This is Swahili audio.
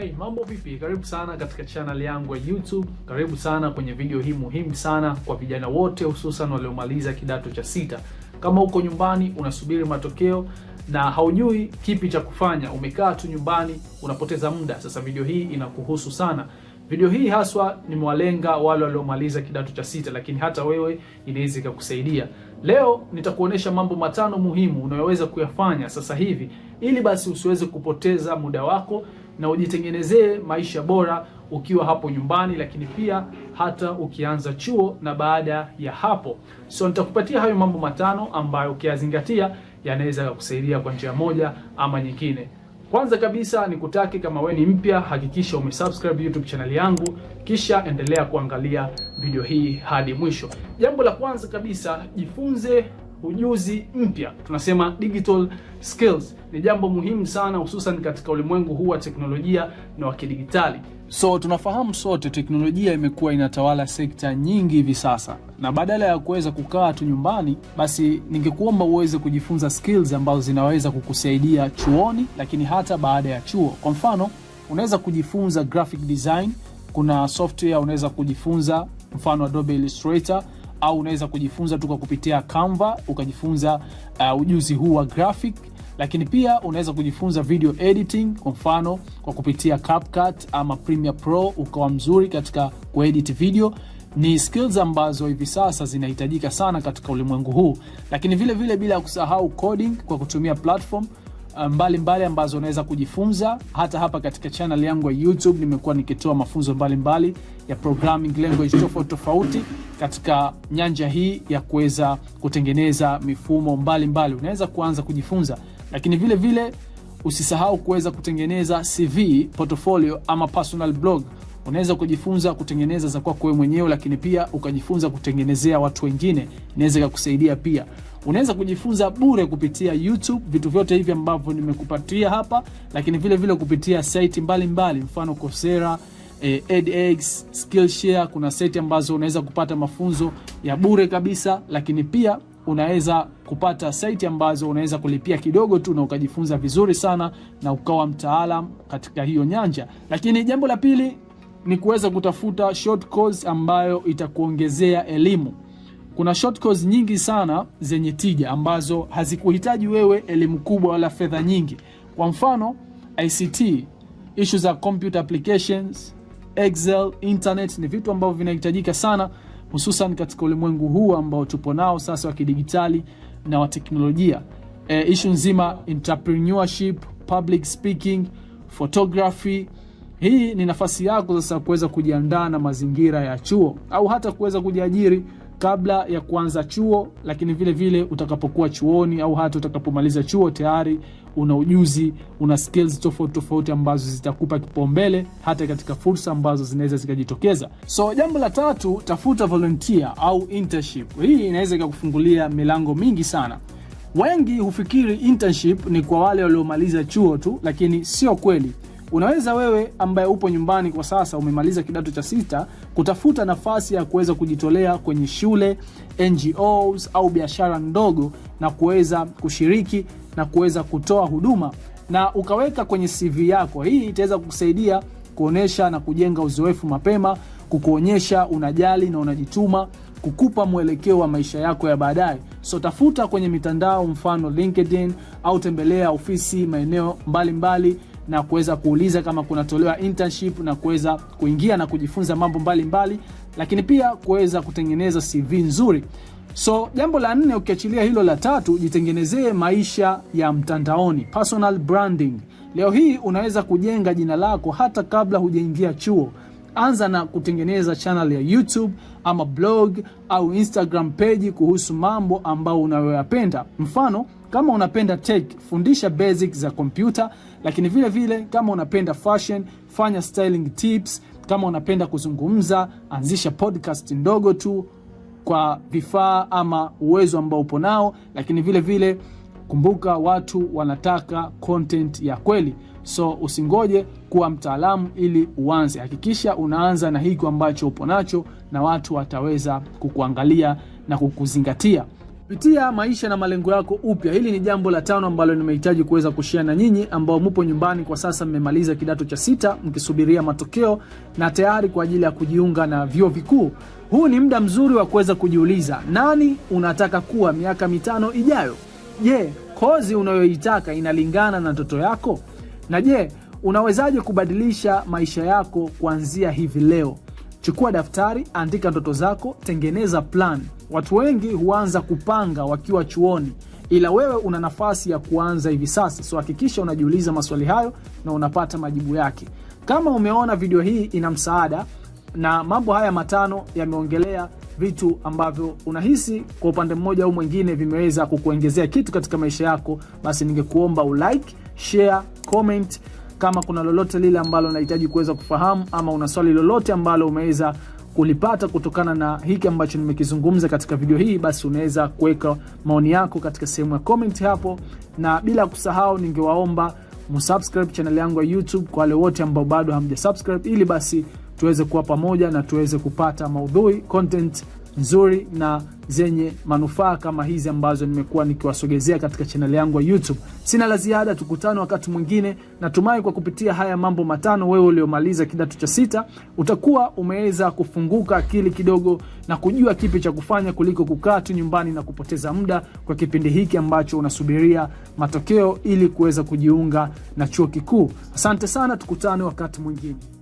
Hey, mambo vipi? Karibu sana katika channel yangu ya YouTube. Karibu sana kwenye video hii muhimu sana kwa vijana wote hususan waliomaliza kidato cha sita. Kama uko nyumbani unasubiri matokeo na haujui kipi cha kufanya, umekaa tu nyumbani unapoteza muda, sasa video hii inakuhusu sana. Video hii haswa nimewalenga wale waliomaliza kidato cha sita, lakini hata wewe inaweza ikakusaidia. Leo nitakuonesha mambo matano muhimu unayoweza kuyafanya sasa hivi ili basi usiweze kupoteza muda wako na ujitengenezee maisha bora ukiwa hapo nyumbani, lakini pia hata ukianza chuo na baada ya hapo. So nitakupatia hayo mambo matano ambayo ukiyazingatia yanaweza kukusaidia kwa njia moja ama nyingine. Kwanza kabisa ni kutaki kama we ni mpya, hakikisha umesubscribe YouTube channel yangu, kisha endelea kuangalia video hii hadi mwisho. Jambo la kwanza kabisa, jifunze ujuzi mpya, tunasema digital skills. Ni jambo muhimu sana, hususan katika ulimwengu huu wa teknolojia na wa kidigitali. So tunafahamu sote teknolojia imekuwa inatawala sekta nyingi hivi sasa, na badala ya kuweza kukaa tu nyumbani, basi ningekuomba uweze kujifunza skills ambazo zinaweza kukusaidia chuoni, lakini hata baada ya chuo. Kwa mfano, unaweza kujifunza graphic design, kuna software unaweza kujifunza, mfano Adobe Illustrator au unaweza kujifunza tu kwa kupitia Canva ukajifunza uh, ujuzi huu wa graphic lakini pia unaweza kujifunza video editing, kwa mfano kwa kupitia CapCut ama Premiere Pro ukawa mzuri katika kuedit video. Ni skills ambazo hivi sasa zinahitajika sana katika ulimwengu huu, lakini vile vile bila kusahau coding kwa kutumia platform mbalimbali eh, mbali ambazo unaweza kujifunza. Hata hapa katika channel yangu ya YouTube nimekuwa nikitoa mafunzo mbalimbali mbali ya programming language tofauti tofauti katika nyanja hii ya kuweza kutengeneza mifumo mbalimbali Unaweza kuanza kujifunza lakini vile vile usisahau kuweza kutengeneza CV, portfolio ama personal blog. Unaweza kujifunza kutengeneza za kwako wewe mwenyewe, lakini pia ukajifunza kutengenezea watu wengine, inaweza kukusaidia pia. Unaweza kujifunza bure kupitia YouTube vitu vyote hivi ambavyo nimekupatia hapa, lakini vile vile kupitia site mbalimbali, mfano Coursera, eh, edX, Skillshare. Kuna site ambazo unaweza kupata mafunzo ya bure kabisa, lakini pia unaweza kupata site ambazo unaweza kulipia kidogo tu na ukajifunza vizuri sana na ukawa mtaalam katika hiyo nyanja. Lakini jambo la pili ni kuweza kutafuta short course ambayo itakuongezea elimu. Kuna short course nyingi sana zenye tija ambazo hazikuhitaji wewe elimu kubwa wala fedha nyingi. Kwa mfano ICT, issue za computer applications, Excel, internet ni vitu ambavyo vinahitajika sana hususan katika ulimwengu huu ambao tupo nao sasa wa kidigitali na wa teknolojia. E, ishu nzima entrepreneurship, public speaking, photography hii ni nafasi yako sasa kuweza kujiandaa na mazingira ya chuo au hata kuweza kujiajiri kabla ya kuanza chuo, lakini vile vile utakapokuwa chuoni au hata utakapomaliza chuo tayari una ujuzi, una skills tofauti tofauti ambazo zitakupa kipaumbele hata katika fursa ambazo zinaweza zikajitokeza. So jambo la tatu, tafuta volunteer au internship. Hii inaweza ikakufungulia milango mingi sana. Wengi hufikiri internship ni kwa wale waliomaliza chuo tu, lakini sio kweli. Unaweza wewe ambaye upo nyumbani kwa sasa, umemaliza kidato cha sita, kutafuta nafasi ya kuweza kujitolea kwenye shule, NGOs au biashara ndogo na kuweza kushiriki na kuweza kutoa huduma na ukaweka kwenye CV yako. Hii itaweza kukusaidia kuonesha na kujenga uzoefu mapema, kukuonyesha unajali na unajituma, kukupa mwelekeo wa maisha yako ya baadaye. So tafuta kwenye mitandao, mfano LinkedIn au tembelea ofisi maeneo mbalimbali mbali, na kuweza kuuliza kama kunatolewa internship na kuweza kuingia na kujifunza mambo mbalimbali mbali, lakini pia kuweza kutengeneza CV nzuri. So jambo la nne, ukiachilia hilo la tatu, jitengenezee maisha ya mtandaoni, personal branding. Leo hii unaweza kujenga jina lako hata kabla hujaingia chuo anza na kutengeneza channel ya YouTube ama blog au Instagram page kuhusu mambo ambayo unayoyapenda. Mfano, kama unapenda tech, fundisha basic za kompyuta, lakini vile vile kama unapenda fashion, fanya styling tips. Kama unapenda kuzungumza, anzisha podcast ndogo tu kwa vifaa ama uwezo ambao upo nao, lakini vile vile kumbuka, watu wanataka content ya kweli. So usingoje kuwa mtaalamu ili uanze, hakikisha unaanza na hiko ambacho upo nacho, na watu wataweza kukuangalia na kukuzingatia. Pitia maisha na malengo yako upya. Hili ni jambo la tano ambalo nimehitaji kuweza kushia na nyinyi ambao mupo nyumbani kwa sasa, mmemaliza kidato cha sita mkisubiria matokeo na tayari kwa ajili ya kujiunga na vyuo vikuu. Huu ni muda mzuri wa kuweza kujiuliza nani unataka kuwa miaka mitano ijayo. Je, kozi unayoitaka inalingana na ndoto yako? Na je, unawezaje kubadilisha maisha yako kuanzia hivi leo? Chukua daftari, andika ndoto zako, tengeneza plan. Watu wengi huanza kupanga wakiwa chuoni, ila wewe una nafasi ya kuanza hivi sasa. So hakikisha unajiuliza maswali hayo na unapata majibu yake. Kama umeona video hii ina msaada na mambo haya matano yameongelea vitu ambavyo unahisi kwa upande mmoja au mwingine vimeweza kukuongezea kitu katika maisha yako, basi ningekuomba ulike share, comment kama kuna lolote lile ambalo unahitaji kuweza kufahamu ama una swali lolote ambalo umeweza kulipata kutokana na hiki ambacho nimekizungumza katika video hii, basi unaweza kuweka maoni yako katika sehemu ya comment hapo, na bila kusahau, ningewaomba msubscribe channel yangu ya YouTube kwa wale wote ambao bado hamjasubscribe, ili basi tuweze kuwa pamoja na tuweze kupata maudhui content nzuri na zenye manufaa kama hizi ambazo nimekuwa nikiwasogezea katika chaneli yangu ya YouTube. Sina la ziada, tukutane wakati mwingine. Natumai kwa kupitia haya mambo matano, wewe uliomaliza kidato cha sita utakuwa umeweza kufunguka akili kidogo na kujua kipi cha kufanya kuliko kukaa tu nyumbani na kupoteza muda kwa kipindi hiki ambacho unasubiria matokeo ili kuweza kujiunga na chuo kikuu. Asante sana, tukutane wakati mwingine.